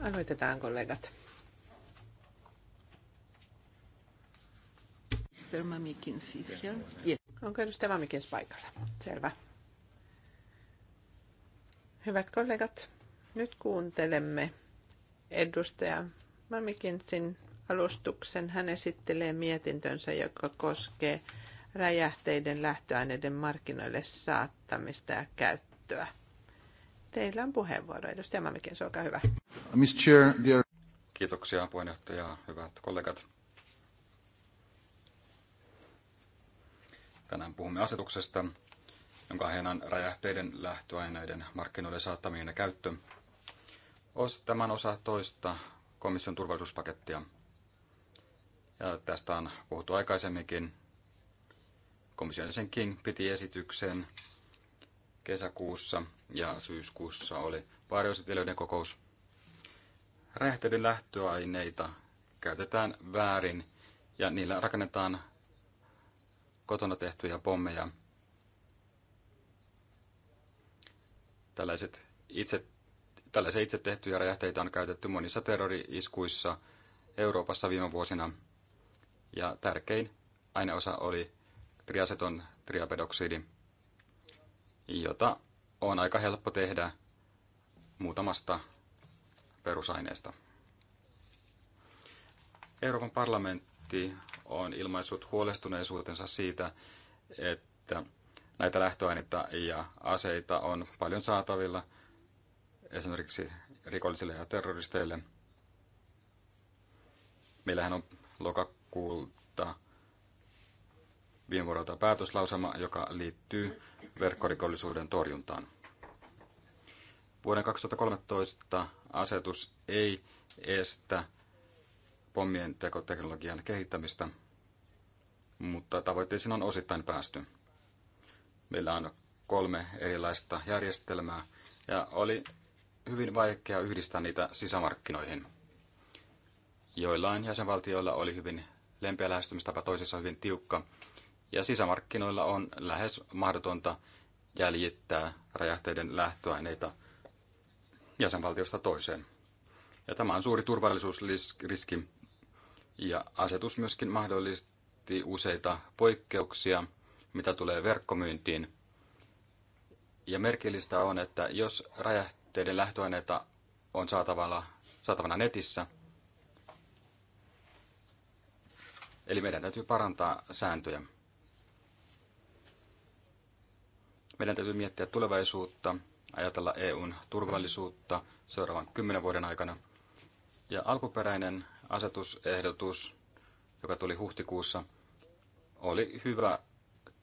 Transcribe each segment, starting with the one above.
Aloitetaan kollegat. Onko edustaja Mamikins paikalla? Selvä. Hyvät kollegat, nyt kuuntelemme edustaja Mamikinsin alustuksen. Hän esittelee mietintönsä, joka koskee räjähteiden lähtöaineiden markkinoille saattamista ja käyttöä. Teillä on puheenvuoro. Edustaja se olkaa hyvä. Miss Chair, dear... Kiitoksia puheenjohtaja, hyvät kollegat. Tänään puhumme asetuksesta, jonka aiheena räjähteiden lähtöaineiden markkinoille saattaminen ja käyttö. Tämän osa toista komission turvallisuuspakettia. Ja tästä on puhuttu aikaisemminkin. Komission jäsen King piti esityksen kesäkuussa ja syyskuussa oli varjoesitelijöiden kokous. Räjähteiden lähtöaineita käytetään väärin ja niillä rakennetaan kotona tehtyjä pommeja. Tällaiset itse, tällaisia itse tehtyjä räjähteitä on käytetty monissa terrori-iskuissa Euroopassa viime vuosina. Ja tärkein aineosa oli triaseton triapedoksidi jota on aika helppo tehdä muutamasta perusaineesta. Euroopan parlamentti on ilmaissut huolestuneisuutensa siitä, että näitä lähtöaineita ja aseita on paljon saatavilla esimerkiksi rikollisille ja terroristeille. Meillähän on lokakuulta viime vuodelta päätöslausama, joka liittyy verkkorikollisuuden torjuntaan. Vuoden 2013 asetus ei estä pommien tekoteknologian kehittämistä, mutta tavoitteisiin on osittain päästy. Meillä on kolme erilaista järjestelmää ja oli hyvin vaikea yhdistää niitä sisämarkkinoihin. Joillain jäsenvaltioilla oli hyvin lempeä lähestymistapa, toisissa hyvin tiukka, ja sisämarkkinoilla on lähes mahdotonta jäljittää räjähteiden lähtöaineita jäsenvaltiosta toiseen. Ja tämä on suuri turvallisuusriski, ja asetus myöskin mahdollisti useita poikkeuksia, mitä tulee verkkomyyntiin. Ja merkillistä on, että jos räjähteiden lähtöaineita on saatavana, saatavana netissä, eli meidän täytyy parantaa sääntöjä. Meidän täytyy miettiä tulevaisuutta, ajatella EUn turvallisuutta seuraavan kymmenen vuoden aikana. Ja alkuperäinen asetusehdotus, joka tuli huhtikuussa, oli hyvä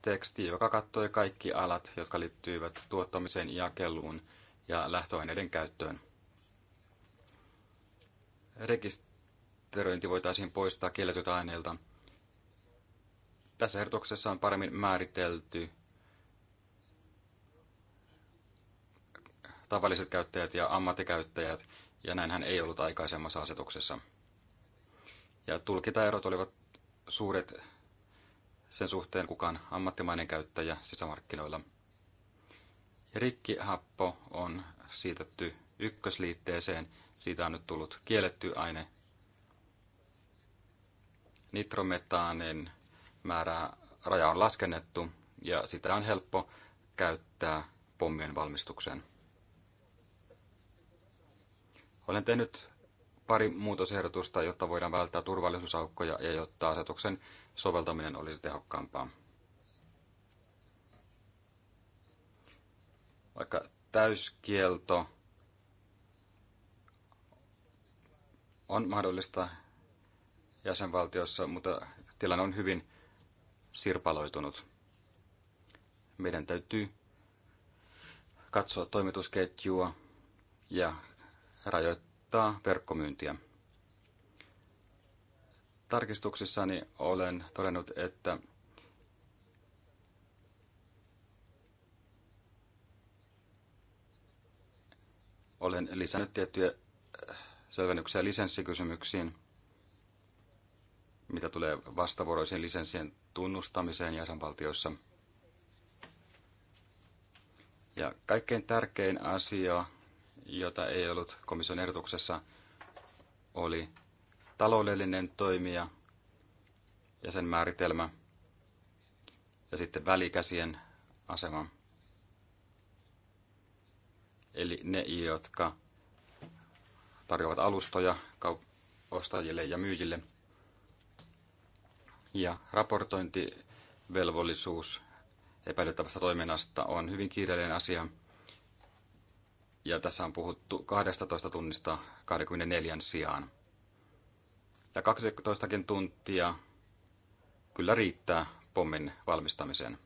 teksti, joka kattoi kaikki alat, jotka liittyivät tuottamiseen, jakeluun ja lähtöaineiden käyttöön. Rekisteröinti voitaisiin poistaa kielletyt aineilta. Tässä ehdotuksessa on paremmin määritelty tavalliset käyttäjät ja ammattikäyttäjät, ja näinhän ei ollut aikaisemmassa asetuksessa. Ja tulkintaerot olivat suuret sen suhteen, kukaan ammattimainen käyttäjä sisämarkkinoilla. Ja rikkihappo on siitetty ykkösliitteeseen. Siitä on nyt tullut kielletty aine. Nitrometaanin määrää raja on laskennettu ja sitä on helppo käyttää pommien valmistukseen. Olen tehnyt pari muutosehdotusta, jotta voidaan välttää turvallisuusaukkoja ja jotta asetuksen soveltaminen olisi tehokkaampaa. Vaikka täyskielto on mahdollista jäsenvaltiossa, mutta tilanne on hyvin sirpaloitunut. Meidän täytyy katsoa toimitusketjua ja rajoittaa verkkomyyntiä. Tarkistuksissani olen todennut, että olen lisännyt tiettyjä äh, selvennyksiä lisenssikysymyksiin, mitä tulee vastavuoroisiin lisenssien tunnustamiseen jäsenvaltioissa. Ja kaikkein tärkein asia jota ei ollut komission ehdotuksessa, oli taloudellinen toimija ja sen määritelmä ja sitten välikäsien asema. Eli ne, jotka tarjoavat alustoja ostajille ja myyjille. Ja raportointivelvollisuus epäilyttävästä toiminnasta on hyvin kiireellinen asia – ja tässä on puhuttu 12 tunnista 24 sijaan. Ja 12 tuntia kyllä riittää pommin valmistamiseen.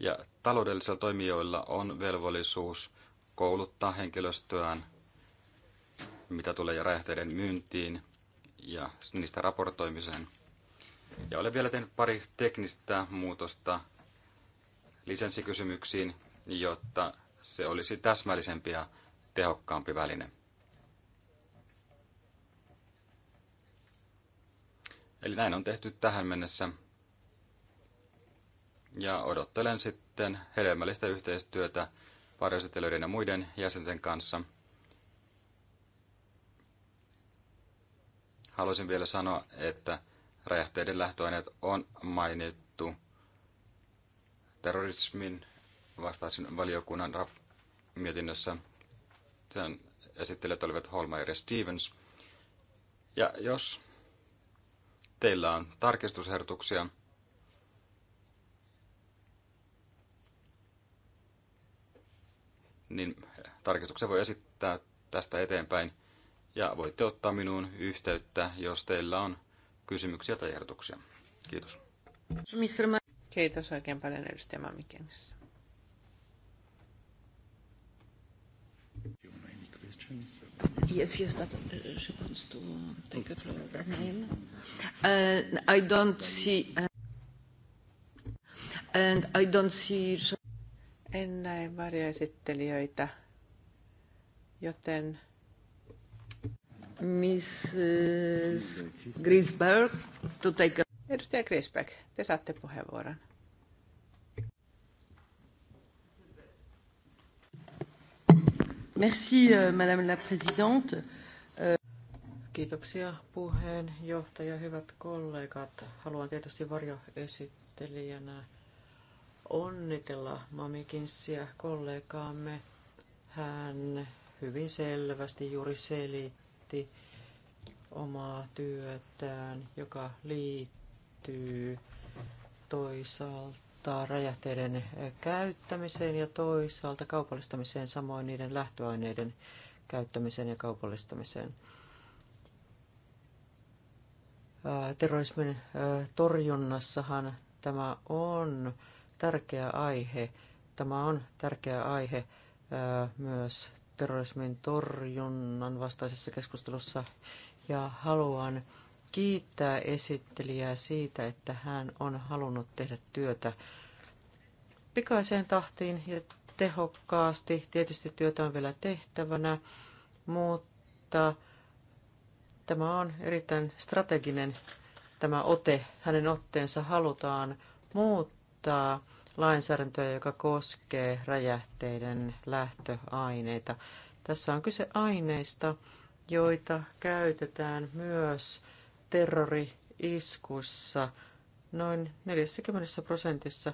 Ja taloudellisilla toimijoilla on velvollisuus kouluttaa henkilöstöään, mitä tulee räjähteiden myyntiin ja niistä raportoimiseen. Ja olen vielä tehnyt pari teknistä muutosta lisenssikysymyksiin, jotta se olisi täsmällisempi ja tehokkaampi väline. Eli näin on tehty tähän mennessä. Ja odottelen sitten hedelmällistä yhteistyötä varjoesittelyiden ja muiden jäsenten kanssa. Haluaisin vielä sanoa, että räjähteiden lähtöaineet on mainittu terrorismin vastaisin valiokunnan mietinnössä. Sen esittelijät olivat Holmeyer ja Stevens. Ja jos teillä on tarkistushertuksia, niin tarkistuksen voi esittää tästä eteenpäin ja voitte ottaa minuun yhteyttä, jos teillä on kysymyksiä tai ehdotuksia. Kiitos. Kiitos oikein paljon edustaja Mamikengessä. Yes, yes, but she wants to take the floor again. Uh, I don't see, uh, and I don't see. En näe varjoesittelijöitä, joten Mrs. Grisberg to take a... Edustaja Grisberg, te saatte puheenvuoron. Merci, euh, Madame la Présidente. Euh, Kiitoksia puheenjohtaja, hyvät kollegat. Haluan tietysti varjoesittelijänä onnitella Mamikinssiä kollegaamme. Hän hyvin selvästi juuri selitti omaa työtään, joka liittyy toisaalta johtaa räjähteiden eh, käyttämiseen ja toisaalta kaupallistamiseen, samoin niiden lähtöaineiden käyttämiseen ja kaupallistamiseen. Terrorismin torjunnassahan tämä on tärkeä aihe. Tämä on tärkeä aihe myös terrorismin torjunnan vastaisessa keskustelussa ja haluan kiittää esittelijää siitä, että hän on halunnut tehdä työtä pikaiseen tahtiin ja tehokkaasti. Tietysti työtä on vielä tehtävänä, mutta tämä on erittäin strateginen tämä ote. Hänen otteensa halutaan muuttaa lainsäädäntöä, joka koskee räjähteiden lähtöaineita. Tässä on kyse aineista, joita käytetään myös terrori-iskuissa noin 40 prosentissa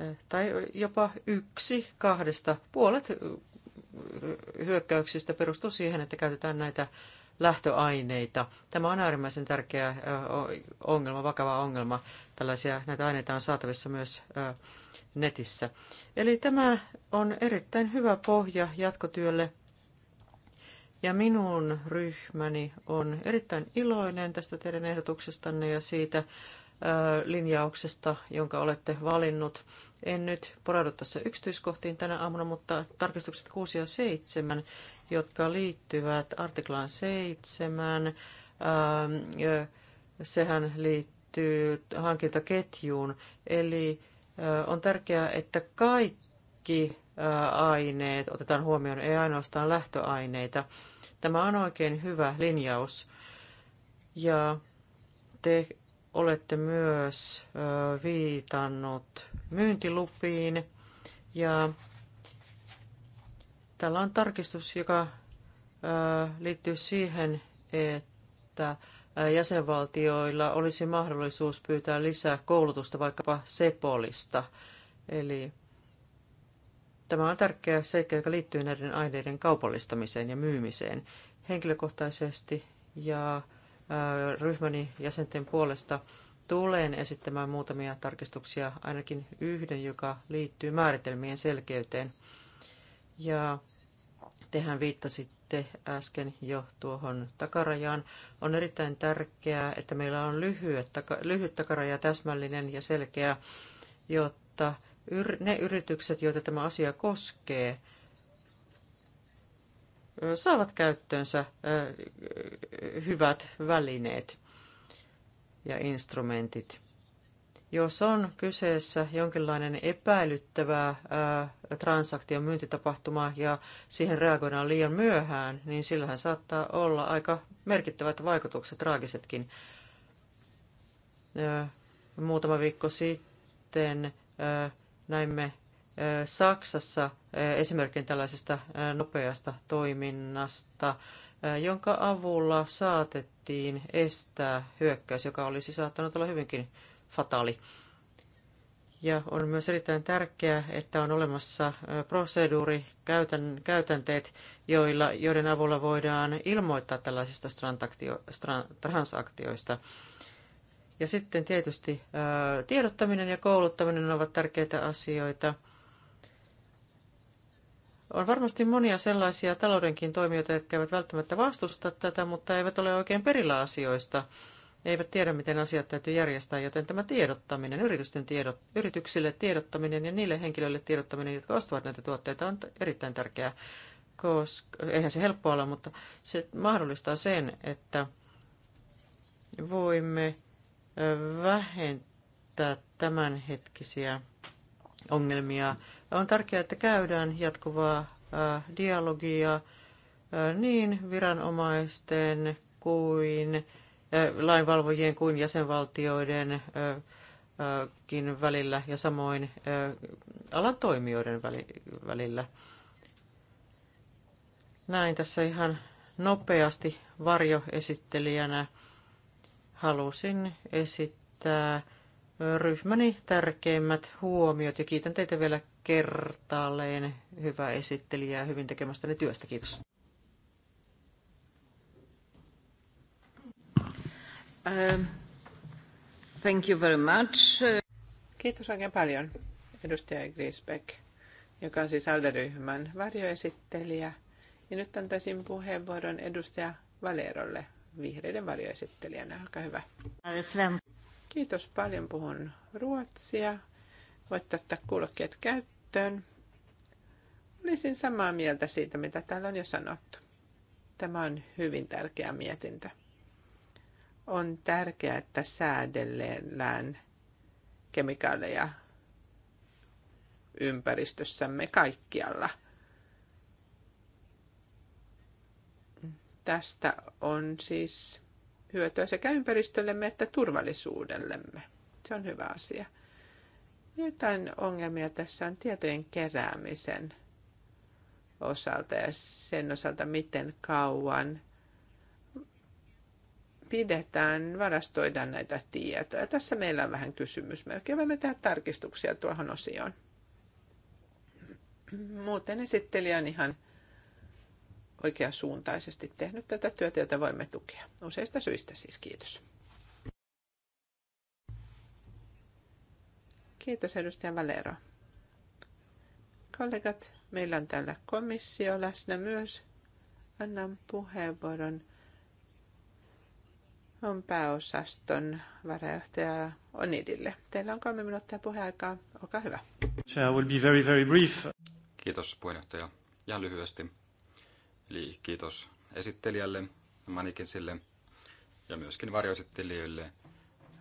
eh, tai jopa yksi kahdesta puolet eh, hyökkäyksistä perustuu siihen, että käytetään näitä lähtöaineita. Tämä on äärimmäisen tärkeä eh, ongelma, vakava ongelma. Tällaisia näitä aineita on saatavissa myös netissä. Eli tämä on erittäin hyvä pohja jatkotyölle. Ja minun ryhmäni on erittäin iloinen tästä teidän ehdotuksestanne ja siitä linjauksesta, jonka olette valinnut. En nyt poraudu tässä yksityiskohtiin tänä aamuna, mutta tarkistukset 6 ja 7, jotka liittyvät artiklaan 7, ähm, sehän liittyy hankintaketjuun. Eli on tärkeää, että kaikki aineet otetaan huomioon, ei ainoastaan lähtöaineita. Tämä on oikein hyvä linjaus. Ja te olette myös viitannut myyntilupiin ja täällä on tarkistus, joka liittyy siihen, että jäsenvaltioilla olisi mahdollisuus pyytää lisää koulutusta vaikkapa Sepolista. Eli Tämä on tärkeä seikka, joka liittyy näiden aineiden kaupallistamiseen ja myymiseen. Henkilökohtaisesti ja ryhmäni jäsenten puolesta tulen esittämään muutamia tarkistuksia, ainakin yhden, joka liittyy määritelmien selkeyteen. Ja tehän viittasitte äsken jo tuohon takarajaan. On erittäin tärkeää, että meillä on lyhyt takaraja, täsmällinen ja selkeä, jotta ne yritykset, joita tämä asia koskee, saavat käyttöönsä hyvät välineet ja instrumentit. Jos on kyseessä jonkinlainen epäilyttävä transaktion myyntitapahtuma ja siihen reagoidaan liian myöhään, niin sillähän saattaa olla aika merkittävät vaikutukset, traagisetkin. Muutama viikko sitten Näimme Saksassa esimerkin tällaisesta nopeasta toiminnasta, jonka avulla saatettiin estää hyökkäys, joka olisi saattanut olla hyvinkin fataali. Ja on myös erittäin tärkeää, että on olemassa proseduuri, käytänteet, joilla, joiden avulla voidaan ilmoittaa tällaisista transaktioista. Ja sitten tietysti tiedottaminen ja kouluttaminen ovat tärkeitä asioita. On varmasti monia sellaisia taloudenkin toimijoita, jotka eivät välttämättä vastusta tätä, mutta eivät ole oikein perillä asioista. Eivät tiedä, miten asiat täytyy järjestää, joten tämä tiedottaminen, yritysten tiedot, yrityksille tiedottaminen ja niille henkilöille tiedottaminen, jotka ostavat näitä tuotteita, on erittäin tärkeää. Koska, eihän se helppoa ole, mutta se mahdollistaa sen, että voimme vähentää tämänhetkisiä ongelmia. On tärkeää, että käydään jatkuvaa dialogia niin viranomaisten kuin lainvalvojien kuin jäsenvaltioidenkin välillä ja samoin alan toimijoiden välillä. Näin tässä ihan nopeasti varjoesittelijänä halusin esittää ryhmäni tärkeimmät huomiot ja kiitän teitä vielä kertaalleen. Hyvä esittelijä ja hyvin tekemästäni työstä. Kiitos. Uh, thank you very much. Kiitos oikein paljon, edustaja Grisbeck, joka on siis ALDE-ryhmän varjoesittelijä. Ja nyt antaisin puheenvuoron edustaja Valerolle vihreiden varjoesittelijänä. Olkaa hyvä. Kiitos paljon. Puhun ruotsia. Voitte ottaa kuulokkeet käyttöön. Olisin samaa mieltä siitä, mitä täällä on jo sanottu. Tämä on hyvin tärkeä mietintä. On tärkeää, että säädellään kemikaaleja ympäristössämme kaikkialla – Tästä on siis hyötyä sekä ympäristöllemme että turvallisuudellemme. Se on hyvä asia. Jotain ongelmia tässä on tietojen keräämisen osalta ja sen osalta, miten kauan pidetään, varastoidaan näitä tietoja. Tässä meillä on vähän kysymysmerkkiä. Voimme tehdä tarkistuksia tuohon osioon. Muuten esittelijä on ihan oikeasuuntaisesti tehnyt tätä työtä, jota voimme tukea. Useista syistä siis kiitos. Kiitos edustaja Valero. Kollegat, meillä on täällä komissio läsnä myös. Annan puheenvuoron on pääosaston varajohtaja Onidille. Teillä on kolme minuuttia puheaikaa. Olkaa hyvä. Kiitos puheenjohtaja. Ja lyhyesti. Eli kiitos esittelijälle, Manikinsille ja myöskin varjoesittelijöille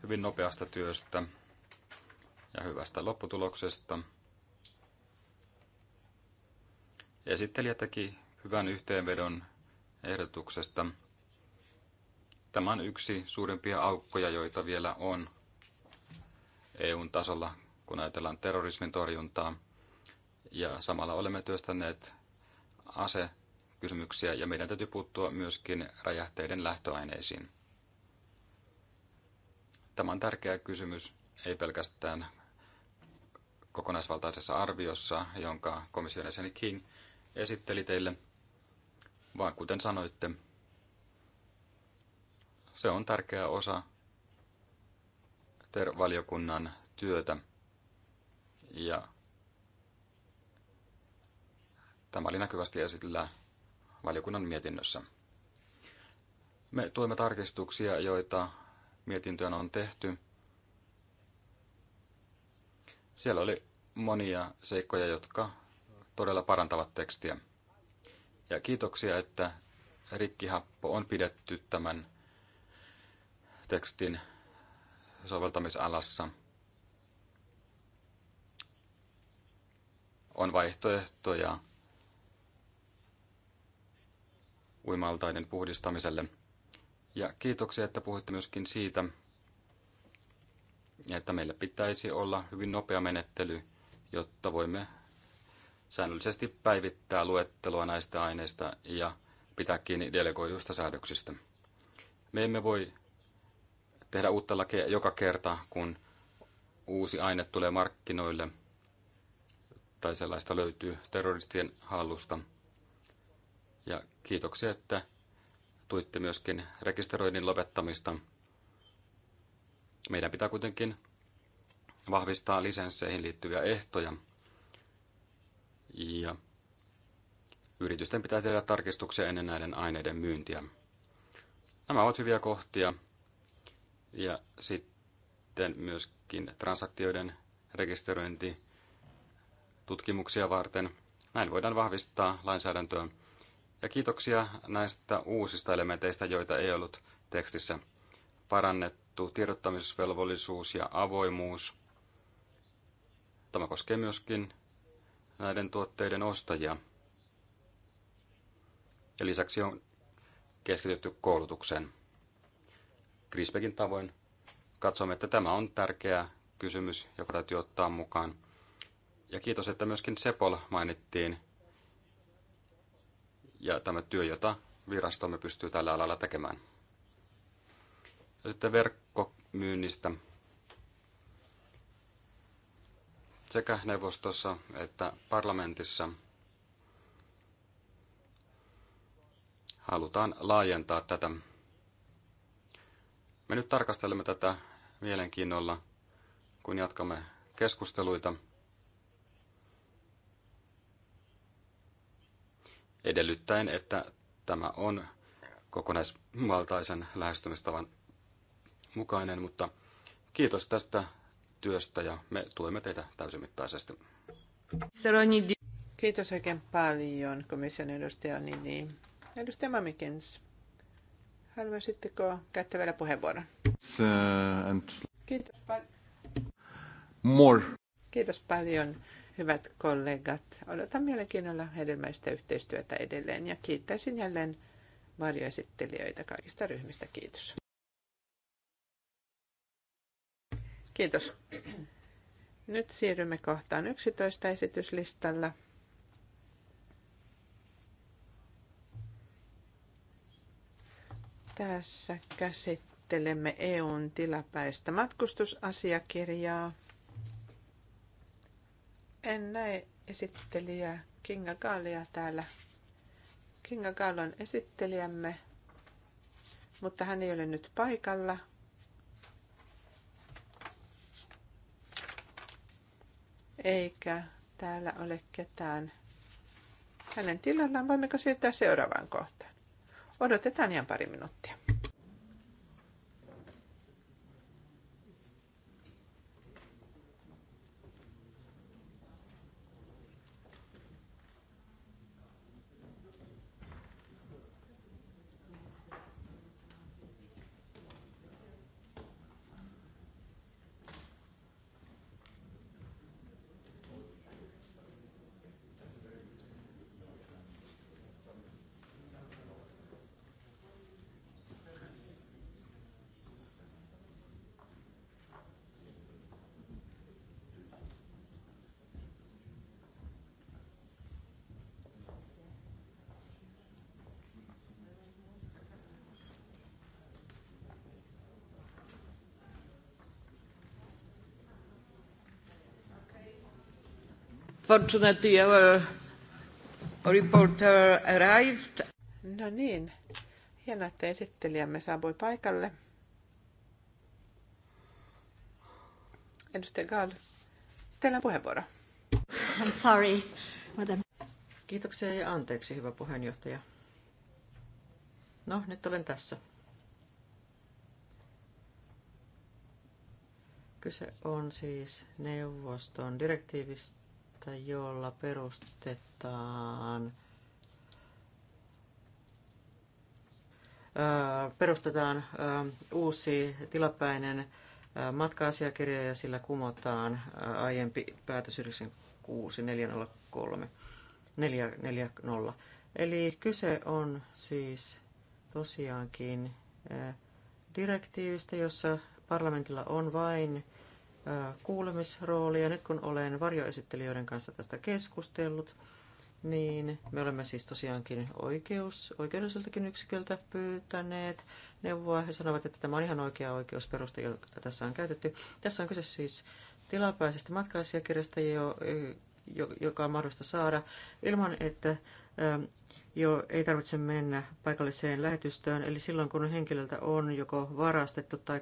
hyvin nopeasta työstä ja hyvästä lopputuloksesta. Esittelijä teki hyvän yhteenvedon ehdotuksesta. Tämä on yksi suurimpia aukkoja, joita vielä on EUn tasolla, kun ajatellaan terrorismin torjuntaa. Ja samalla olemme työstäneet ase kysymyksiä ja meidän täytyy puuttua myöskin räjähteiden lähtöaineisiin. Tämä on tärkeä kysymys, ei pelkästään kokonaisvaltaisessa arviossa, jonka komission jäseni King esitteli teille, vaan kuten sanoitte, se on tärkeä osa valiokunnan työtä. Ja tämä oli näkyvästi esillä valiokunnan mietinnössä. Me tuemme tarkistuksia, joita mietintöön on tehty. Siellä oli monia seikkoja, jotka todella parantavat tekstiä. Ja kiitoksia, että rikkihappo on pidetty tämän tekstin soveltamisalassa. On vaihtoehtoja uimaltaiden puhdistamiselle. Ja kiitoksia, että puhuitte myöskin siitä, että meillä pitäisi olla hyvin nopea menettely, jotta voimme säännöllisesti päivittää luettelua näistä aineista ja pitää kiinni delegoiduista säädöksistä. Me emme voi tehdä uutta lakia joka kerta, kun uusi aine tulee markkinoille tai sellaista löytyy terroristien hallusta – ja kiitoksia, että tuitte myöskin rekisteröinnin lopettamista. Meidän pitää kuitenkin vahvistaa lisensseihin liittyviä ehtoja. Ja yritysten pitää tehdä tarkistuksia ennen näiden aineiden myyntiä. Nämä ovat hyviä kohtia. Ja sitten myöskin transaktioiden rekisteröinti tutkimuksia varten. Näin voidaan vahvistaa lainsäädäntöä ja kiitoksia näistä uusista elementeistä, joita ei ollut tekstissä. Parannettu tiedottamisvelvollisuus ja avoimuus. Tämä koskee myöskin näiden tuotteiden ostajia. Ja lisäksi on keskitytty koulutukseen. Grisbekin tavoin katsomme, että tämä on tärkeä kysymys, joka täytyy ottaa mukaan. Ja kiitos, että myöskin Sepol mainittiin ja tämä työ, jota virastomme pystyy tällä alalla tekemään. Ja sitten verkkomyynnistä. Sekä neuvostossa että parlamentissa halutaan laajentaa tätä. Me nyt tarkastelemme tätä mielenkiinnolla, kun jatkamme keskusteluita – edellyttäen, että tämä on kokonaisvaltaisen lähestymistavan mukainen, mutta kiitos tästä työstä ja me tuemme teitä täysimittaisesti. Kiitos oikein paljon komission edustaja Nini. Edustaja Mamikens, haluaisitteko käyttää vielä puheenvuoron? Uh, kiitos, pal- More. Kiitos paljon Hyvät kollegat, odotan mielenkiinnolla hedelmäistä yhteistyötä edelleen ja kiittäisin jälleen varjoesittelijöitä kaikista ryhmistä. Kiitos. Kiitos. Nyt siirrymme kohtaan 11 esityslistalla. Tässä käsittelemme EUn tilapäistä matkustusasiakirjaa. En näe esittelijää Kinga Kaalia täällä. Kinga Kaal on esittelijämme, mutta hän ei ole nyt paikalla. Eikä täällä ole ketään hänen tilallaan. Voimmeko siirtää seuraavaan kohtaan? Odotetaan ihan pari minuuttia. Fortunately our reporter arrived. No niin, hienoa, että esittelijämme saapui paikalle. Edustaja Gaal, teillä on puheenvuoro. I'm sorry, Kiitoksia ja anteeksi, hyvä puheenjohtaja. No, nyt olen tässä. Kyse on siis neuvoston direktiivistä että jolla perustetaan perustetaan uusi tilapäinen matka-asiakirja ja sillä kumotaan aiempi päätös 96403. 440. Eli kyse on siis tosiaankin direktiivistä, jossa parlamentilla on vain ja, äh, Nyt kun olen varjoesittelijöiden kanssa tästä keskustellut, niin me olemme siis tosiaankin oikeus, oikeudelliseltakin yksiköltä pyytäneet neuvoa. He sanovat, että tämä on ihan oikea oikeusperuste, jota tässä on käytetty. Tässä on kyse siis tilapäisestä matkaasiakirjasta, joka on mahdollista saada ilman, että jo ei tarvitse mennä paikalliseen lähetystöön. Eli silloin kun henkilöltä on joko varastettu tai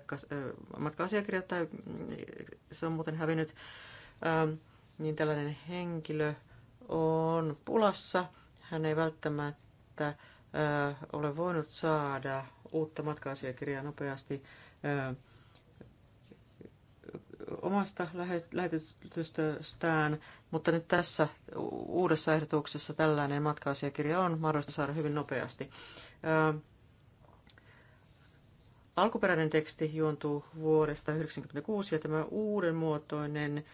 matka-asiakirja tai mm, se on muuten hävinnyt, niin tällainen henkilö on pulassa. Hän ei välttämättä ole voinut saada uutta matka-asiakirjaa nopeasti omasta lähetystöstään, mutta nyt tässä uudessa ehdotuksessa tällainen matka-asiakirja on mahdollista saada hyvin nopeasti. Alkuperäinen teksti juontuu vuodesta 1996 ja tämä uuden muotoinen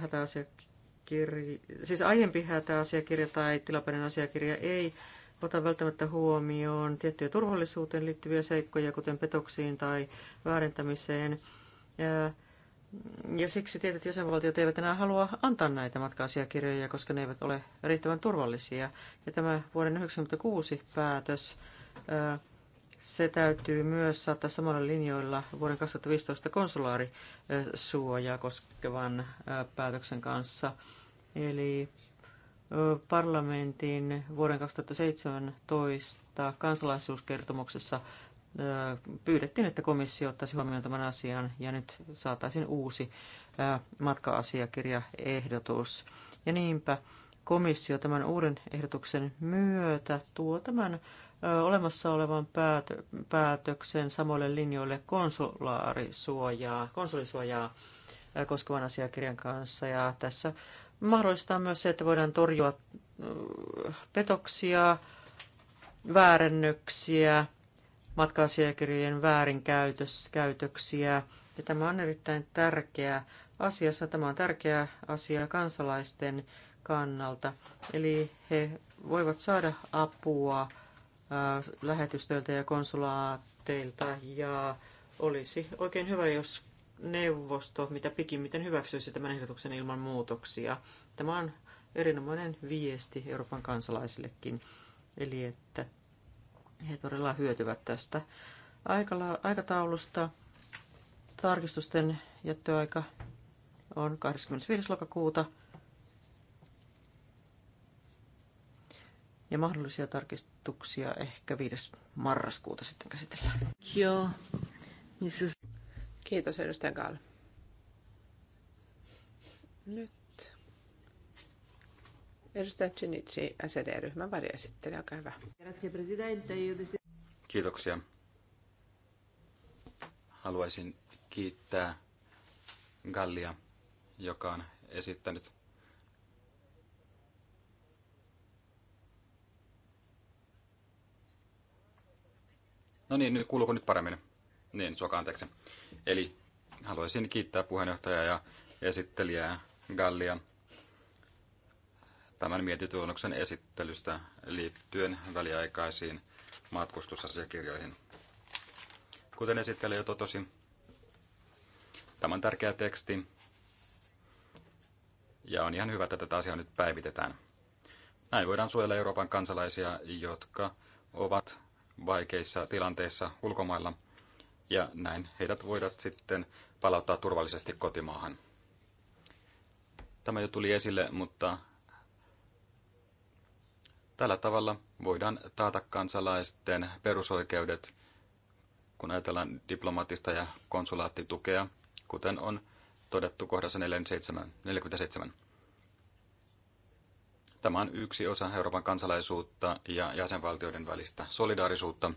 hätäasiakirja, siis aiempi hätäasiakirja tai tilapäinen asiakirja ei ota välttämättä huomioon tiettyjä turvallisuuteen liittyviä seikkoja, kuten petoksiin tai väärentämiseen. Ja siksi tietyt jäsenvaltiot eivät enää halua antaa näitä matka-asiakirjoja, koska ne eivät ole riittävän turvallisia. Ja tämä vuoden 1996 päätös, se täytyy myös saattaa samalla linjoilla vuoden 2015 konsulaarisuojaa koskevan päätöksen kanssa. Eli parlamentin vuoden 2017 kansalaisuuskertomuksessa pyydettiin, että komissio ottaisi huomioon tämän asian ja nyt saataisiin uusi matka-asiakirjaehdotus. Ja niinpä komissio tämän uuden ehdotuksen myötä tuo tämän olemassa olevan päätöksen samoille linjoille konsulaarisuojaa, konsulisuojaa koskevan asiakirjan kanssa. Ja tässä mahdollistaa myös se, että voidaan torjua petoksia, väärennöksiä, matka-asiakirjojen väärinkäytöksiä. Ja tämä on erittäin tärkeä asiassa. Tämä on tärkeä asia kansalaisten kannalta. Eli he voivat saada apua äh, lähetystöiltä ja konsulaateilta ja olisi oikein hyvä, jos neuvosto mitä pikimmiten hyväksyisi tämän ehdotuksen ilman muutoksia. Tämä on erinomainen viesti Euroopan kansalaisillekin, eli että he todella hyötyvät tästä aikataulusta. Tarkistusten jättöaika on 25. lokakuuta. Ja mahdollisia tarkistuksia ehkä 5. marraskuuta sitten käsitellään. Joo. Mrs. Kiitos edustaja Gaal. Nyt Edustaja Chinichi, SED-ryhmän varjoesittelijä, olkaa hyvä. Kiitoksia. Haluaisin kiittää Gallia, joka on esittänyt No niin, nyt kuuluuko nyt paremmin? Niin, suoka anteeksi. Eli haluaisin kiittää puheenjohtajaa ja esittelijää Gallia tämän mietityönnöksen esittelystä liittyen väliaikaisiin matkustusasiakirjoihin. Kuten esittely jo totosi, tämä on tärkeä teksti ja on ihan hyvä, että tätä asiaa nyt päivitetään. Näin voidaan suojella Euroopan kansalaisia, jotka ovat vaikeissa tilanteissa ulkomailla ja näin heidät voidaan sitten palauttaa turvallisesti kotimaahan. Tämä jo tuli esille, mutta Tällä tavalla voidaan taata kansalaisten perusoikeudet, kun ajatellaan diplomaattista ja konsulaattitukea, kuten on todettu kohdassa 47. Tämä on yksi osa Euroopan kansalaisuutta ja jäsenvaltioiden välistä solidaarisuutta.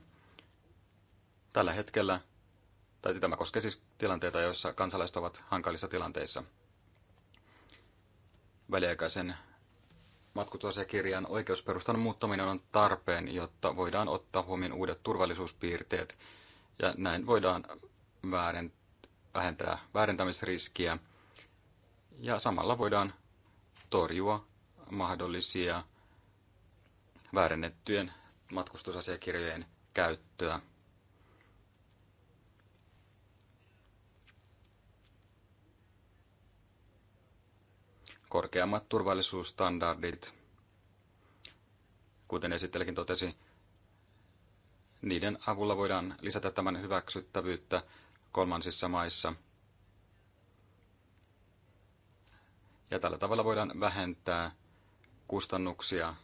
Tällä hetkellä, tai tämä koskee siis tilanteita, joissa kansalaiset ovat hankalissa tilanteissa. Väliaikaisen matkustusasiakirjan oikeusperustan muuttaminen on tarpeen, jotta voidaan ottaa huomioon uudet turvallisuuspiirteet ja näin voidaan väärin, vähentää väärentämisriskiä ja samalla voidaan torjua mahdollisia väärennettyjen matkustusasiakirjojen käyttöä korkeammat turvallisuusstandardit, kuten esittelikin totesi, niiden avulla voidaan lisätä tämän hyväksyttävyyttä kolmansissa maissa. Ja tällä tavalla voidaan vähentää kustannuksia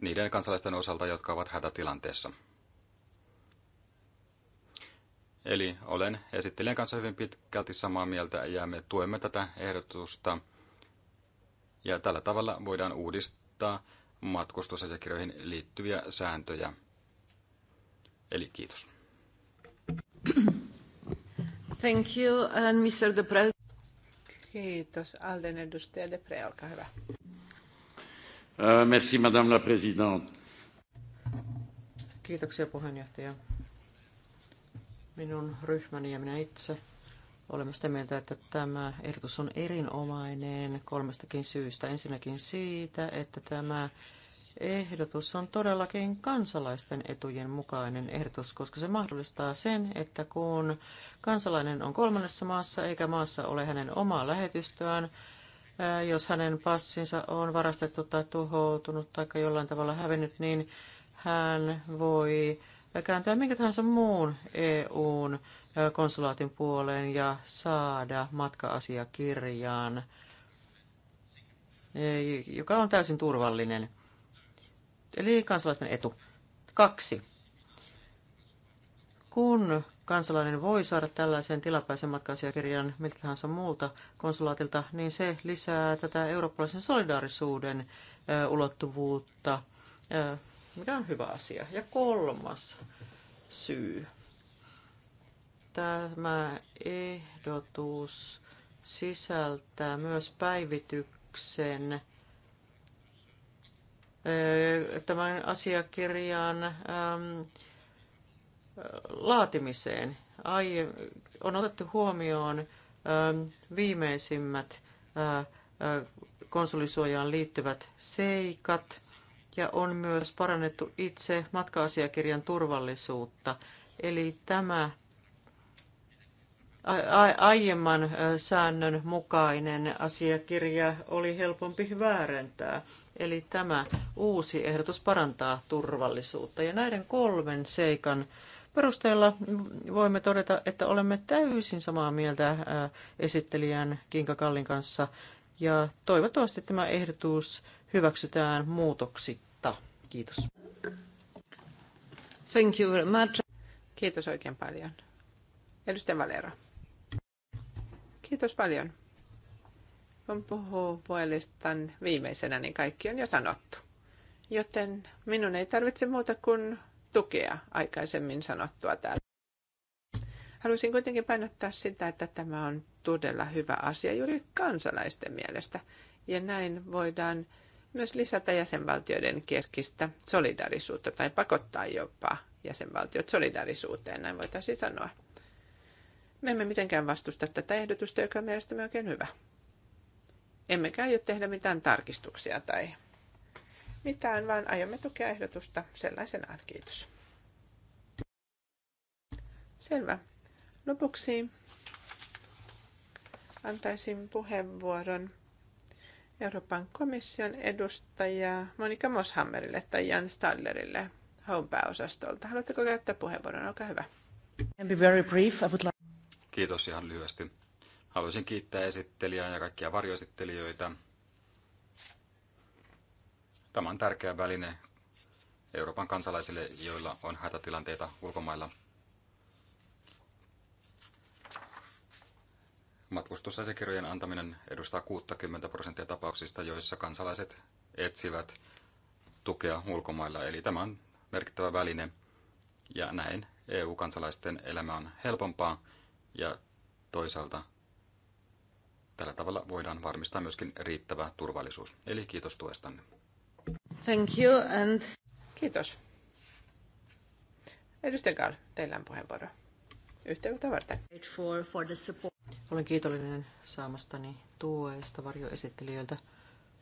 niiden kansalaisten osalta, jotka ovat hätätilanteessa. Eli olen esittelijän kanssa hyvin pitkälti samaa mieltä ja me tuemme tätä ehdotusta. Ja tällä tavalla voidaan uudistaa matkustusasiakirjoihin liittyviä sääntöjä. Eli kiitos. Thank you, and Mr. Pre- Kiitos. Alden edustaja Pre, olkaa hyvä. Uh, merci, Madame la Présidente. Kiitoksia puheenjohtaja. Minun ryhmäni ja minä itse olemme sitä mieltä, että tämä ehdotus on erinomainen kolmestakin syystä. Ensinnäkin siitä, että tämä ehdotus on todellakin kansalaisten etujen mukainen ehdotus, koska se mahdollistaa sen, että kun kansalainen on kolmannessa maassa eikä maassa ole hänen omaa lähetystöään, jos hänen passinsa on varastettu tai tuhoutunut tai jollain tavalla hävinnyt, niin hän voi kääntyä minkä tahansa muun EUn konsulaatin puoleen ja saada matka-asiakirjaan, e, joka on täysin turvallinen. Eli kansalaisten etu. Kaksi. Kun kansalainen voi saada tällaisen tilapäisen matkaasiakirjan miltä tahansa muulta konsulaatilta, niin se lisää tätä eurooppalaisen solidaarisuuden ulottuvuutta mikä on hyvä asia. Ja kolmas syy. Tämä ehdotus sisältää myös päivityksen eh, tämän asiakirjan laatimiseen. Ai on otettu huomioon viimeisimmät konsulisuojaan liittyvät seikat ja on myös parannettu itse matka-asiakirjan turvallisuutta. Eli tämä aiemman säännön mukainen asiakirja oli helpompi väärentää. Eli tämä uusi ehdotus parantaa turvallisuutta. Ja näiden kolmen seikan perusteella voimme todeta, että olemme täysin samaa mieltä esittelijän Kinka Kallin kanssa ja toivottavasti tämä ehdotus hyväksytään muutoksitta. Kiitos. Thank you very much. Kiitos oikein paljon. Edustaja Valera. Kiitos paljon. Kun puhuu puolestaan viimeisenä, niin kaikki on jo sanottu. Joten minun ei tarvitse muuta kuin tukea aikaisemmin sanottua täällä. Haluaisin kuitenkin painottaa sitä, että tämä on todella hyvä asia juuri kansalaisten mielestä. Ja näin voidaan myös lisätä jäsenvaltioiden keskistä solidarisuutta tai pakottaa jopa jäsenvaltiot solidarisuuteen, näin voitaisiin sanoa. Me emme mitenkään vastusta tätä ehdotusta, joka on mielestäni oikein hyvä. Emmekä aio tehdä mitään tarkistuksia tai mitään, vaan aiomme tukea ehdotusta sellaisenaan. Kiitos. Selvä. Lopuksi antaisin puheenvuoron Euroopan komission edustaja Monika Moshammerille tai Jan Stallerille Home pääosastolta. Haluatteko käyttää puheenvuoron? Olkaa hyvä. Kiitos ihan lyhyesti. Haluaisin kiittää esittelijää ja kaikkia varjoesittelijöitä. Tämä on tärkeä väline Euroopan kansalaisille, joilla on hätätilanteita ulkomailla – Matkustusasiakirjojen antaminen edustaa 60 prosenttia tapauksista, joissa kansalaiset etsivät tukea ulkomailla. Eli tämä on merkittävä väline ja näin EU-kansalaisten elämä on helpompaa ja toisaalta tällä tavalla voidaan varmistaa myöskin riittävä turvallisuus. Eli kiitos tuestanne. Thank you and... Kiitos. Edustaja Kaal, teillä on puheenvuoro. Yhteyttä varten. For, for the support. Olen kiitollinen saamastani tuesta varjoesittelijöiltä.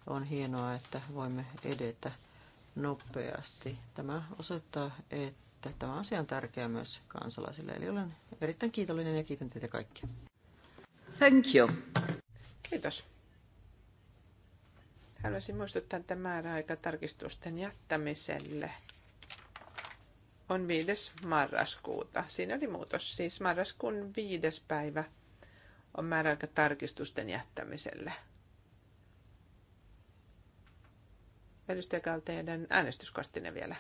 On hienoa, että voimme edetä nopeasti. Tämä osoittaa, että tämä asia on tärkeä myös kansalaisille. Eli olen erittäin kiitollinen ja kiitän teitä kaikkia. Thank you. Kiitos. Haluaisin muistuttaa, että määräaika tarkistusten jättämiselle on 5. marraskuuta. Siinä oli muutos, siis marraskuun viides päivä on määräaika tarkistusten jättämiselle. Edustajakaa teidän äänestyskorttinen vielä.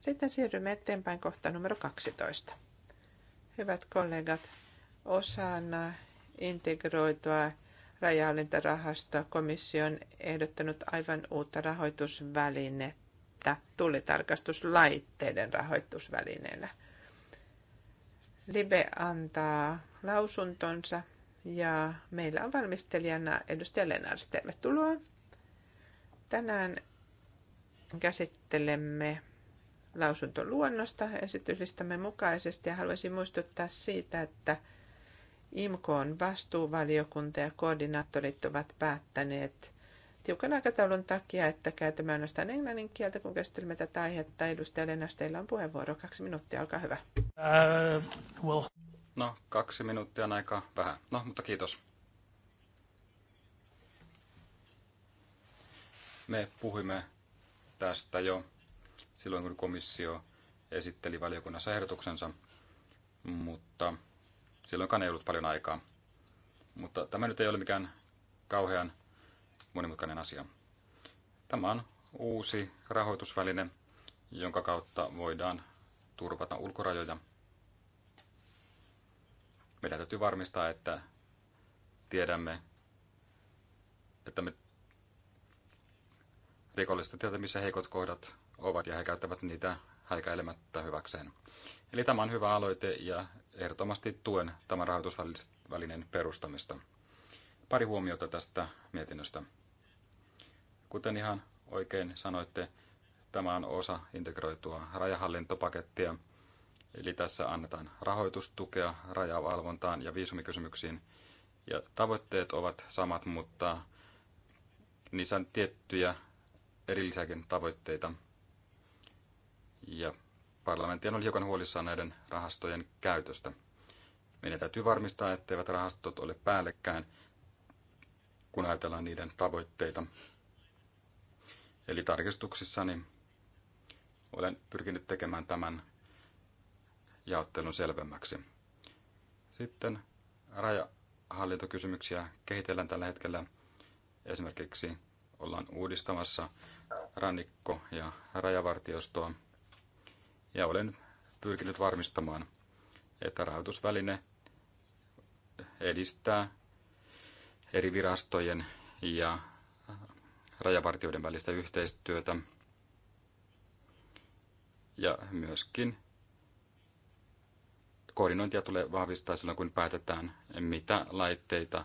Sitten siirrymme eteenpäin kohtaan numero 12. Hyvät kollegat, osana integroitua rajahallintarahastoa komissio on ehdottanut aivan uutta rahoitusvälinettä tullitarkastuslaitteiden rahoitusvälineenä. Libe antaa lausuntonsa ja meillä on valmistelijana edustaja Lennars. Tervetuloa. Tänään käsittelemme lausuntoluonnosta esityslistamme mukaisesti ja haluaisin muistuttaa siitä, että IMK on vastuuvaliokunta ja koordinaattorit ovat päättäneet tiukan aikataulun takia, että käytämme ainoastaan englannin kieltä, kun käsittelemme tätä aihetta. Edustaja Lennars, teillä on puheenvuoro. Kaksi minuuttia, olkaa hyvä. Uh, well. No, kaksi minuuttia on aika vähän. No, mutta kiitos. Me puhuimme tästä jo silloin, kun komissio esitteli valiokunnassa ehdotuksensa, mutta silloinkaan ei ollut paljon aikaa. Mutta tämä nyt ei ole mikään kauhean monimutkainen asia. Tämä on uusi rahoitusväline, jonka kautta voidaan turvata ulkorajoja. Meidän täytyy varmistaa, että tiedämme, että me rikolliset tietävät, missä heikot kohdat ovat, ja he käyttävät niitä häikäilemättä hyväkseen. Eli tämä on hyvä aloite, ja ehdottomasti tuen tämän rahoitusvälineen perustamista. Pari huomiota tästä mietinnöstä. Kuten ihan oikein sanoitte, tämä on osa integroitua rajahallintopakettia, eli tässä annetaan rahoitustukea rajavalvontaan ja viisumikysymyksiin. Ja tavoitteet ovat samat, mutta niissä on tiettyjä erillisiäkin tavoitteita. Ja parlamentti on hiukan huolissaan näiden rahastojen käytöstä. Meidän täytyy varmistaa, etteivät rahastot ole päällekkäin kun ajatellaan niiden tavoitteita. Eli tarkistuksissani olen pyrkinyt tekemään tämän jaottelun selvemmäksi. Sitten rajahallintokysymyksiä kehitellään tällä hetkellä. Esimerkiksi ollaan uudistamassa rannikko- ja rajavartiostoa. Ja olen pyrkinyt varmistamaan, että rahoitusväline edistää eri virastojen ja rajavartijoiden välistä yhteistyötä ja myöskin koordinointia tulee vahvistaa silloin, kun päätetään, mitä laitteita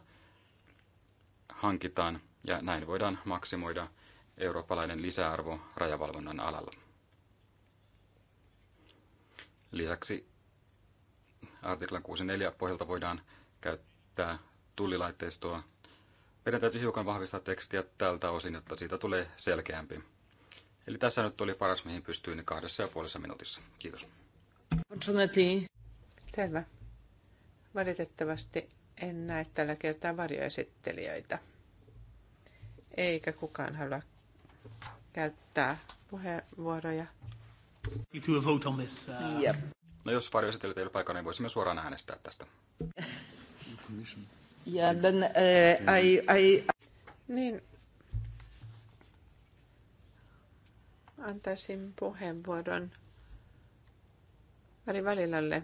hankitaan, ja näin voidaan maksimoida eurooppalainen lisäarvo rajavalvonnan alalla. Lisäksi artiklan 6.4 pohjalta voidaan käyttää tullilaitteistoa meidän täytyy hiukan vahvistaa tekstiä tältä osin, jotta siitä tulee selkeämpi. Eli tässä nyt oli paras, mihin pystyin niin kahdessa ja puolessa minuutissa. Kiitos. Selvä. Valitettavasti en näe tällä kertaa varjoesittelijöitä. Eikä kukaan halua käyttää puheenvuoroja. To vote on this, uh... yep. No jos varjoesittelijöitä ei ole paikalla, niin voisimme suoraan äänestää tästä. Yeah, then, uh, I, I... Niin, antaisin puheenvuoron Ari Välilälle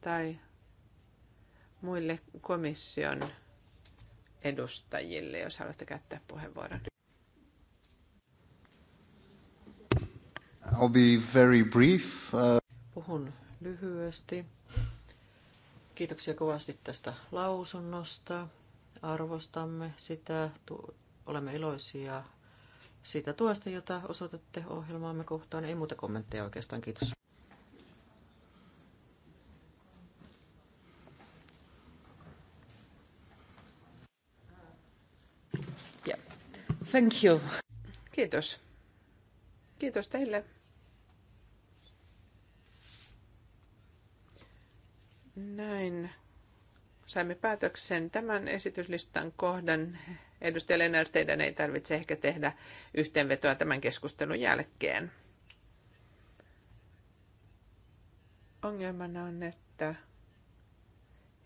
tai muille komission edustajille, jos haluatte käyttää puheenvuoron. I'll be very brief. Uh... Puhun lyhyesti. Kiitoksia kovasti tästä lausunnosta. Arvostamme sitä. Olemme iloisia siitä tuesta, jota osoitatte ohjelmaamme kohtaan. Ei muuta kommentteja oikeastaan. Kiitos. Thank you. Kiitos. Kiitos teille Näin. Saimme päätöksen tämän esityslistan kohdan. Edustaja Lennart, teidän ei tarvitse ehkä tehdä yhteenvetoa tämän keskustelun jälkeen. Ongelmana on, että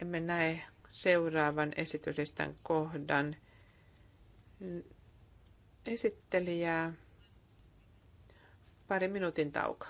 emme näe seuraavan esityslistan kohdan esittelijää. Pari minuutin tauko.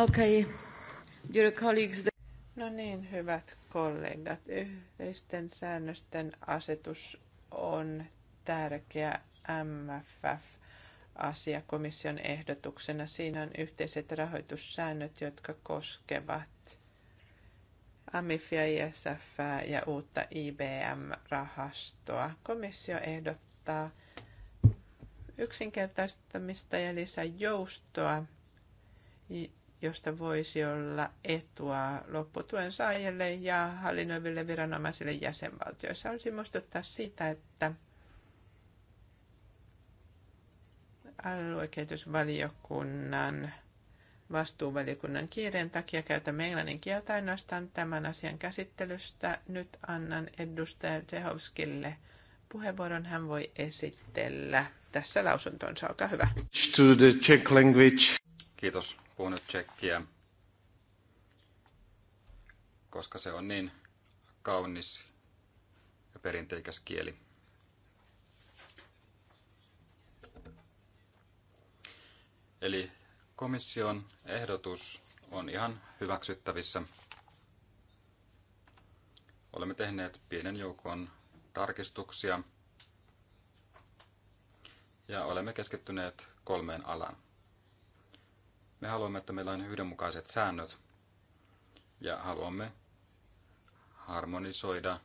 Okay. Dear colleagues. No niin, hyvät kollegat. Yhteisten säännösten asetus on tärkeä MFF-asia komission ehdotuksena. Siinä on yhteiset rahoitussäännöt, jotka koskevat AMIFia, ISF ja uutta IBM-rahastoa. Komissio ehdottaa yksinkertaistamista ja lisäjoustoa josta voisi olla etua lopputuen saajille ja hallinnoiville viranomaisille jäsenvaltioissa. Haluaisin muistuttaa sitä, että aluekehitysvaliokunnan vastuuvaliokunnan kiireen takia käytämme englannin kieltä ainoastaan tämän asian käsittelystä. Nyt annan edustaja Zehovskille puheenvuoron. Hän voi esitellä tässä lausuntonsa. Olkaa hyvä. To the Czech language. Kiitos puhunut tsekkiä, koska se on niin kaunis ja perinteikäs kieli. Eli komission ehdotus on ihan hyväksyttävissä. Olemme tehneet pienen joukon tarkistuksia ja olemme keskittyneet kolmeen alaan. Me haluamme, että meillä on yhdenmukaiset säännöt ja haluamme harmonisoida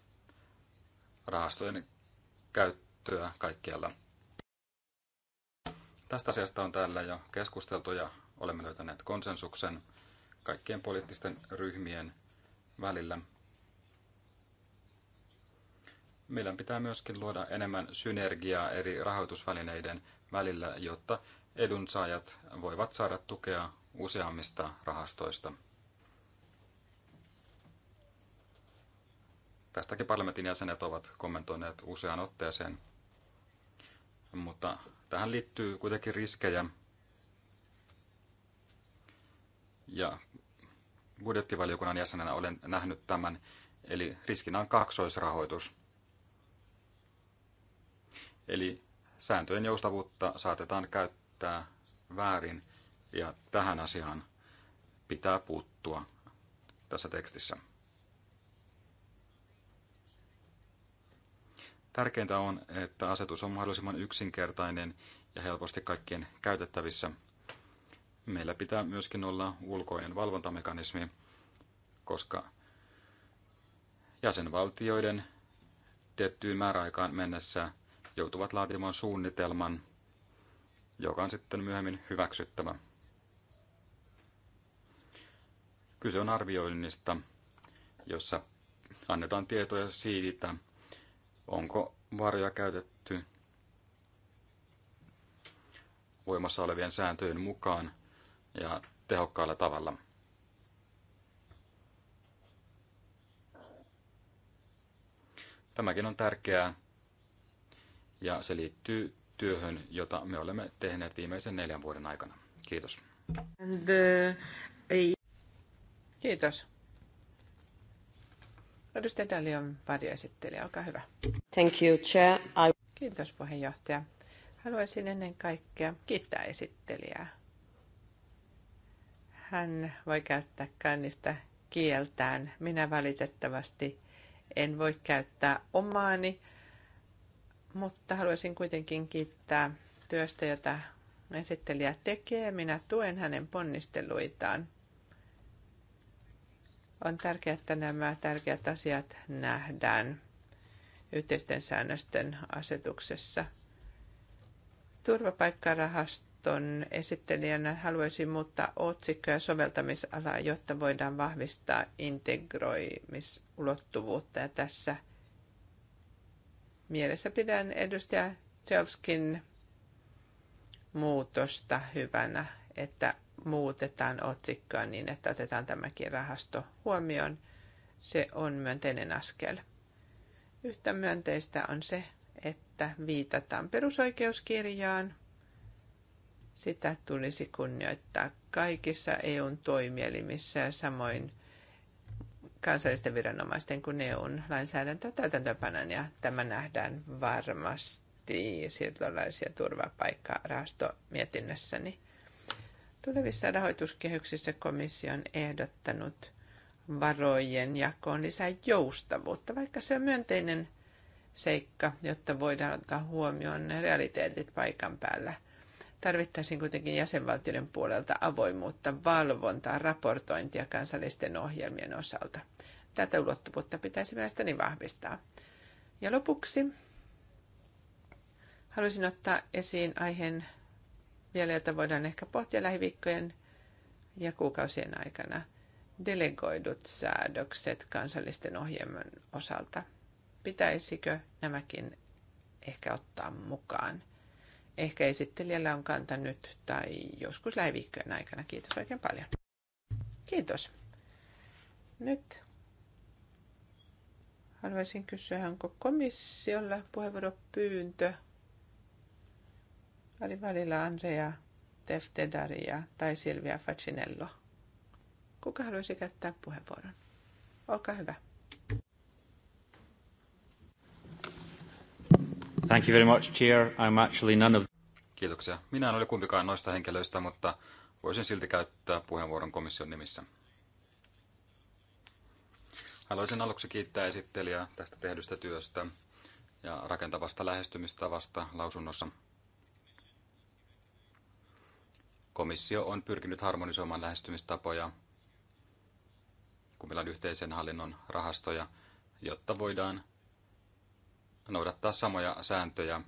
rahastojen käyttöä kaikkialla. Tästä asiasta on täällä jo keskusteltu ja olemme löytäneet konsensuksen kaikkien poliittisten ryhmien välillä. Meidän pitää myöskin luoda enemmän synergiaa eri rahoitusvälineiden välillä, jotta edunsaajat voivat saada tukea useammista rahastoista. Tästäkin parlamentin jäsenet ovat kommentoineet useaan otteeseen, mutta tähän liittyy kuitenkin riskejä. Ja budjettivaliokunnan jäsenenä olen nähnyt tämän, eli riskinä on kaksoisrahoitus. Eli sääntöjen joustavuutta saatetaan käyttää käyttää väärin, ja tähän asiaan pitää puuttua tässä tekstissä. Tärkeintä on, että asetus on mahdollisimman yksinkertainen ja helposti kaikkien käytettävissä. Meillä pitää myöskin olla ulkojen valvontamekanismi, koska jäsenvaltioiden tiettyyn määräaikaan mennessä joutuvat laatimaan suunnitelman – joka on sitten myöhemmin hyväksyttävä. Kyse on arvioinnista, jossa annetaan tietoja siitä, onko varoja käytetty voimassa olevien sääntöjen mukaan ja tehokkaalla tavalla. Tämäkin on tärkeää ja se liittyy työhön, jota me olemme tehneet viimeisen neljän vuoden aikana. Kiitos. Eh, Kiitos. Edustaja Dalion Vadi varjoesittelijä, olkaa hyvä. Thank you, Chair. I... Kiitos puheenjohtaja. Haluaisin ennen kaikkea kiittää esittelijää. Hän voi käyttää kannista kieltään. Minä valitettavasti en voi käyttää omaani, mutta haluaisin kuitenkin kiittää työstä, jota esittelijä tekee. Minä tuen hänen ponnisteluitaan. On tärkeää, että nämä tärkeät asiat nähdään yhteisten säännösten asetuksessa. Turvapaikkarahaston esittelijänä haluaisin muuttaa otsikkoa ja soveltamisalaa, jotta voidaan vahvistaa integroimisulottuvuutta. Ja tässä – Mielessä pidän edustaja Jovskin muutosta hyvänä, että muutetaan otsikkoa niin, että otetaan tämäkin rahasto huomioon. Se on myönteinen askel. Yhtä myönteistä on se, että viitataan perusoikeuskirjaan. Sitä tulisi kunnioittaa kaikissa EUn toimielimissä ja samoin – kansallisten viranomaisten kuin EUn lainsäädäntöä täytäntöönpanon ja tämä nähdään varmasti siirtolaisia turvapaikkarahto mietinnössäni. Tulevissa rahoituskehyksissä komissio on ehdottanut varojen jakoon lisää joustavuutta, vaikka se on myönteinen seikka, jotta voidaan ottaa huomioon ne realiteetit paikan päällä – Tarvittaisiin kuitenkin jäsenvaltioiden puolelta avoimuutta, valvontaa, raportointia kansallisten ohjelmien osalta. Tätä ulottuvuutta pitäisi mielestäni vahvistaa. Ja lopuksi haluaisin ottaa esiin aiheen vielä, jota voidaan ehkä pohtia lähiviikkojen ja kuukausien aikana. Delegoidut säädökset kansallisten ohjelmien osalta. Pitäisikö nämäkin ehkä ottaa mukaan? Ehkä esittelijällä on kanta nyt tai joskus lähiviikkojen aikana. Kiitos oikein paljon. Kiitos. Nyt haluaisin kysyä, onko komissiolla puheenvuoropyyntö? Oli välillä Andrea Teftedaria tai Silvia Facinello. Kuka haluaisi käyttää puheenvuoron? Olkaa hyvä. Thank you very much, Chair. I'm actually none of... Kiitoksia. Minä en ole kumpikaan noista henkilöistä, mutta voisin silti käyttää puheenvuoron komission nimissä. Haluaisin aluksi kiittää esittelijää tästä tehdystä työstä ja rakentavasta lähestymistavasta lausunnossa. Komissio on pyrkinyt harmonisoimaan lähestymistapoja, kun meillä on yhteisen hallinnon rahastoja, jotta voidaan noudattaa samoja sääntöjä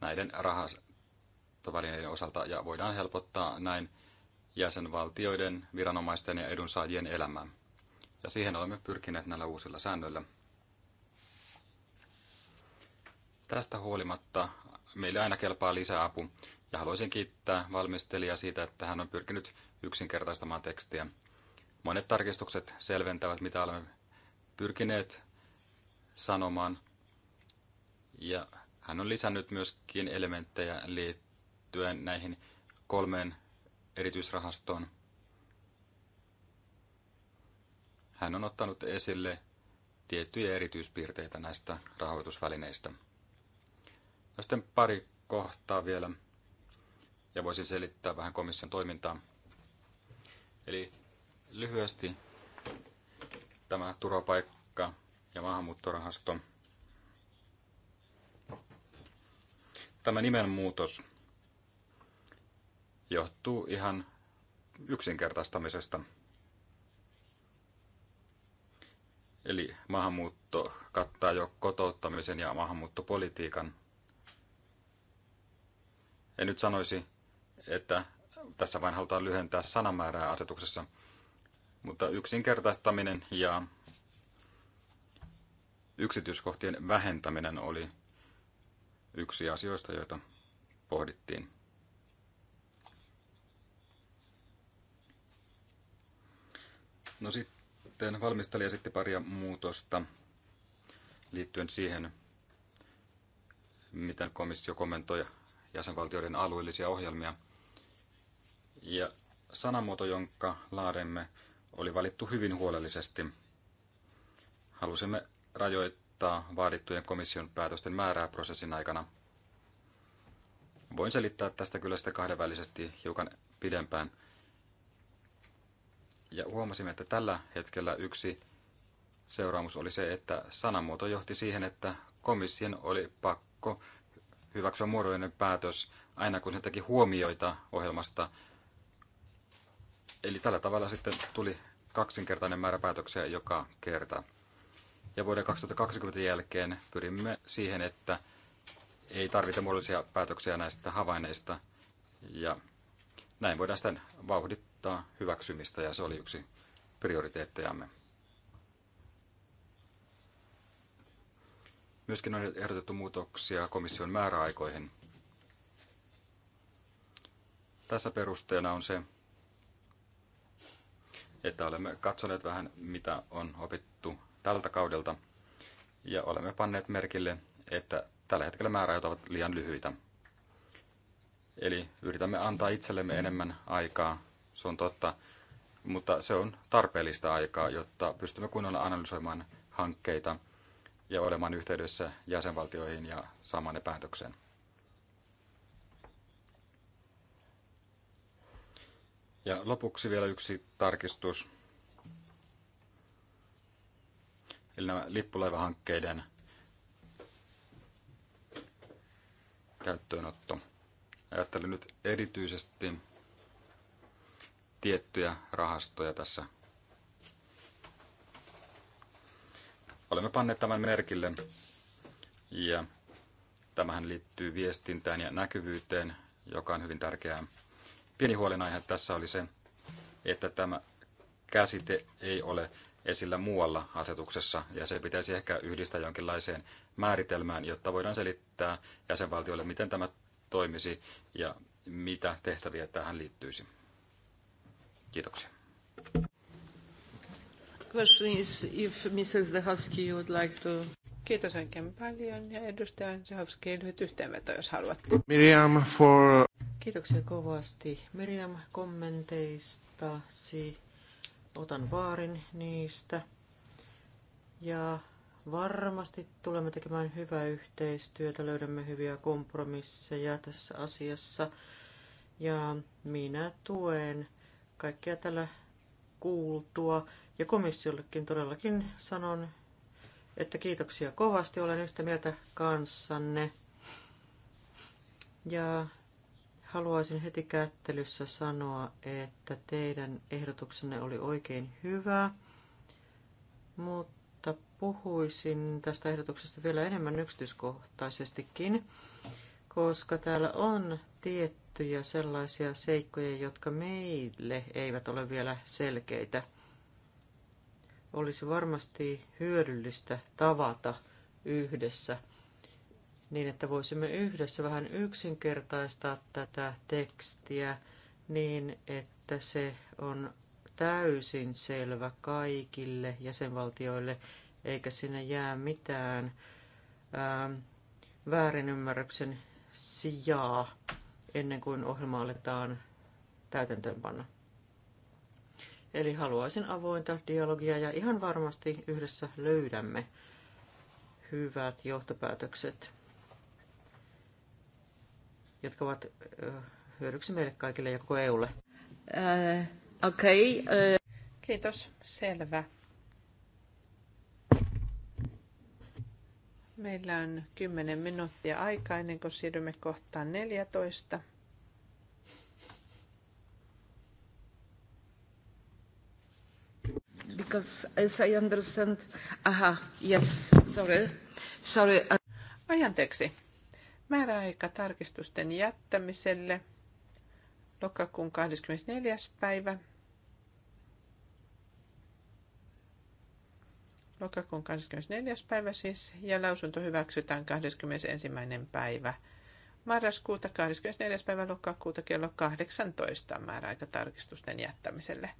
näiden rahastovälineiden osalta ja voidaan helpottaa näin jäsenvaltioiden, viranomaisten ja edunsaajien elämää. Ja siihen olemme pyrkineet näillä uusilla säännöillä. Tästä huolimatta meille aina kelpaa lisäapu ja haluaisin kiittää valmistelijaa siitä, että hän on pyrkinyt yksinkertaistamaan tekstiä. Monet tarkistukset selventävät, mitä olemme pyrkineet sanomaan. Ja hän on lisännyt myöskin elementtejä liittyen näihin kolmeen erityisrahastoon. Hän on ottanut esille tiettyjä erityispiirteitä näistä rahoitusvälineistä. No sitten pari kohtaa vielä, ja voisin selittää vähän komission toimintaa. Eli lyhyesti tämä turvapaikka ja maahanmuuttorahasto. Tämä nimenmuutos johtuu ihan yksinkertaistamisesta. Eli maahanmuutto kattaa jo kotouttamisen ja maahanmuuttopolitiikan. En nyt sanoisi, että tässä vain halutaan lyhentää sanamäärää asetuksessa, mutta yksinkertaistaminen ja yksityiskohtien vähentäminen oli yksi asioista, joita pohdittiin. No sitten valmistelija sitten paria muutosta liittyen siihen, miten komissio kommentoi jäsenvaltioiden alueellisia ohjelmia. Ja sanamuoto, jonka laademme, oli valittu hyvin huolellisesti. Halusimme rajoittaa vaadittujen komission päätösten määrää prosessin aikana. Voin selittää tästä kyllä sitä kahdenvälisesti hiukan pidempään. Ja huomasimme, että tällä hetkellä yksi seuraamus oli se, että sanamuoto johti siihen, että komission oli pakko hyväksyä muodollinen päätös aina kun se teki huomioita ohjelmasta. Eli tällä tavalla sitten tuli kaksinkertainen määrä päätöksiä joka kerta. Ja vuoden 2020 jälkeen pyrimme siihen, että ei tarvita muodollisia päätöksiä näistä havaineista. Ja näin voidaan sitten vauhdittaa hyväksymistä ja se oli yksi prioriteettejamme. Myöskin on ehdotettu muutoksia komission määräaikoihin. Tässä perusteena on se, että olemme katsoneet vähän, mitä on opittu tältä kaudelta, ja olemme panneet merkille, että tällä hetkellä määräajat ovat liian lyhyitä. Eli yritämme antaa itsellemme enemmän aikaa, se on totta, mutta se on tarpeellista aikaa, jotta pystymme kunnolla analysoimaan hankkeita ja olemaan yhteydessä jäsenvaltioihin ja saamaan ne päätökseen. Ja lopuksi vielä yksi tarkistus. Eli nämä lippulaivahankkeiden käyttöönotto. Ajattelin nyt erityisesti tiettyjä rahastoja tässä. Olemme panneet tämän merkille ja tämähän liittyy viestintään ja näkyvyyteen, joka on hyvin tärkeää. Pieni huolenaihe tässä oli se, että tämä käsite ei ole esillä muualla asetuksessa, ja se pitäisi ehkä yhdistää jonkinlaiseen määritelmään, jotta voidaan selittää jäsenvaltioille, miten tämä toimisi ja mitä tehtäviä tähän liittyisi. Kiitoksia. Kiitos oikein paljon ja edustaja Zahovski lyhyt yhteenveto, jos haluatte. Miriam for... Kiitoksia kovasti Miriam kommenteistasi Otan vaarin niistä. Ja varmasti tulemme tekemään hyvää yhteistyötä, löydämme hyviä kompromisseja tässä asiassa. Ja minä tuen kaikkea tällä kuultua. Ja komissiollekin todellakin sanon, että kiitoksia kovasti, olen yhtä mieltä kanssanne. Ja Haluaisin heti kättelyssä sanoa, että teidän ehdotuksenne oli oikein hyvä, mutta puhuisin tästä ehdotuksesta vielä enemmän yksityiskohtaisestikin, koska täällä on tiettyjä sellaisia seikkoja, jotka meille eivät ole vielä selkeitä. Olisi varmasti hyödyllistä tavata yhdessä – niin että voisimme yhdessä vähän yksinkertaistaa tätä tekstiä niin, että se on täysin selvä kaikille jäsenvaltioille, eikä sinne jää mitään ää, ähm, väärinymmärryksen sijaa ennen kuin ohjelma aletaan täytäntöönpanna. Eli haluaisin avointa dialogia ja ihan varmasti yhdessä löydämme hyvät johtopäätökset jotka ovat hyödyksi meille kaikille ja koko EUlle. Uh, Okei. Okay, uh... Kiitos, selvä. Meillä on 10 minuuttia aikaa ennen kuin siirrymme kohtaan 14. because as I understand, aha, yes, sorry, sorry. Ajanteeksi. Määräaika tarkistusten jättämiselle lokakuun 24. päivä. Lokakuun 24. päivä siis, ja lausunto hyväksytään 21. päivä marraskuuta 24. päivä lokakuuta kello 18 on määräaika tarkistusten jättämiselle.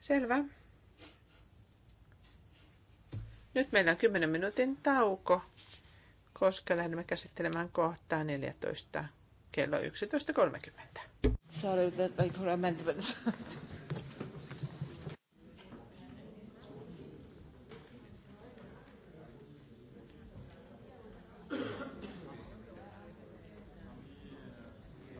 Selvä. Nyt meillä on 10 minuutin tauko koska lähdemme käsittelemään kohtaa 14 kello 11.30. Sorry that I